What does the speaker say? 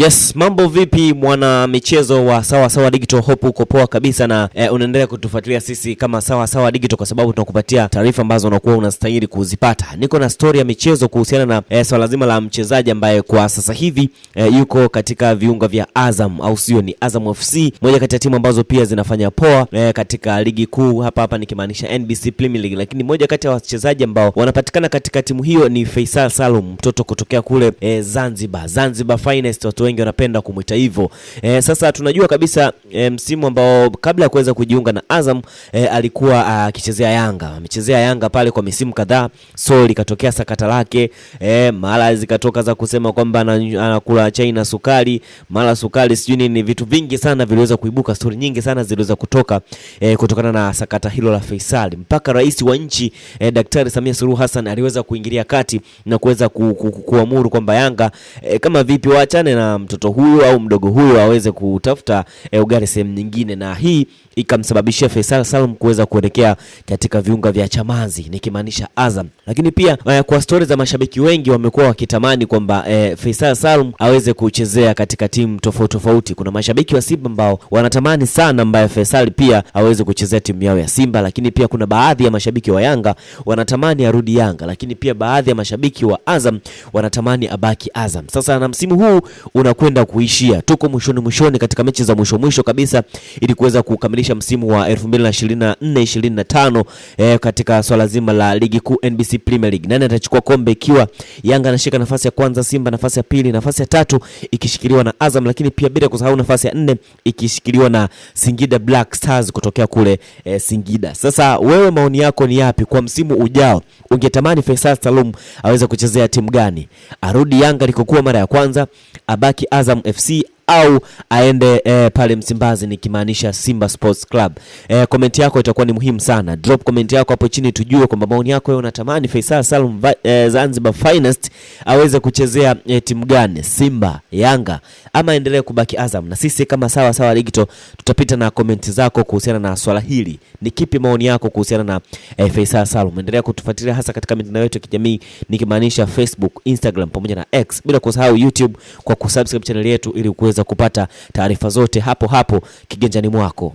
Yes, mambo vipi mwana michezo wa Sawa Sawa Digital, hope uko poa kabisa na e, unaendelea kutufuatilia sisi kama Sawa Sawa Digital kwa sababu tunakupatia taarifa ambazo unakuwa unastahili kuzipata. Niko na story ya michezo kuhusiana na e, swala zima la mchezaji ambaye kwa sasa hivi e, yuko katika viunga vya Azam au sio, ni Azam FC, moja kati ya timu ambazo pia zinafanya poa e, katika ligi kuu hapa hapa nikimaanisha NBC Premier League, lakini moja kati ya wachezaji ambao wanapatikana katika timu hiyo ni Faisal Salum, mtoto kutokea kule e, Zanzibar, Zanzibar Finest watu wengi wanapenda kumwita hivyo. E, sasa tunajua kabisa e, msimu ambao kabla ya kuweza kujiunga na Azam e, alikuwa ah, akichezea Yanga, amechezea Yanga pale kwa misimu kadhaa, so likatokea sakata lake e, mara zikatoka za kusema kwamba anakula chai na sukari, mara sukari sijui nini, vitu vingi sana viliweza kuibuka, stori nyingi sana ziliweza kutoka e, kutokana na sakata hilo la Faisal mpaka rais wa nchi e, Daktari Samia Suluhu Hassan aliweza kuingilia kati na kuweza ku, ku, ku, kuamuru kwamba Yanga e, kama vipi waachane na mtoto huyo au mdogo huyo aweze kutafuta e, ugali sehemu nyingine, na hii ikamsababishia Faisal Salum kuweza kuelekea katika viunga vya Chamazi nikimaanisha Azam. Lakini pia eh, kwa stori za mashabiki wengi wamekuwa wakitamani kwamba e, Faisal Salum aweze kuchezea katika timu tofauti tofauti. Kuna mashabiki wa Simba ambao wanatamani sana mbaya Faisal pia aweze kuchezea timu yao ya Simba, lakini pia kuna baadhi ya mashabiki wa Yanga wanatamani arudi Yanga, lakini pia baadhi ya mashabiki wa Azam wanatamani abaki Azam. Sasa na msimu huu unakwenda kuishia. Tuko mwishoni mwishoni katika mechi za mwisho mwisho kabisa ili kuweza kukamilisha msimu wa 2024 25 eh, katika swala zima la ligi kuu NBC Premier League. Nani atachukua kombe ikiwa Yanga anashika nafasi ya kwanza, Simba nafasi ya pili, nafasi ya tatu ikishikiliwa na Azam, lakini pia bila kusahau nafasi ya nne ikishikiliwa na Singida Black Stars kutokea kule eh, Singida. Sasa wewe maoni yako ni yapi kwa msimu ujao? Ungetamani Faisal Salum aweze kuchezea timu gani? Arudi Yanga alikokuwa mara ya kwanza abaki Azam FC au aende eh, pale Msimbazi nikimaanisha Simba Sports Club. Eh, komenti yako itakuwa ni muhimu sana. Drop comment yako hapo chini tujue kwamba maoni yako wewe unatamani Faisal Salum eh, Zanzibar Finest aweze kuchezea eh, timu gani? Simba, Yanga ama endelee kubaki Azam? Na sisi kama sawa sawa Ligito tutapita na komenti zako kuhusiana na swala hili. Ni kipi maoni yako kuhusiana na eh, Faisal Salum? Endelea kutufuatilia hasa katika mitandao yetu ya kijamii nikimaanisha Facebook, Instagram pamoja na X bila kusahau YouTube kwa kusubscribe channel yetu ili kuweza kuweza kupata taarifa zote hapo hapo kiganjani mwako.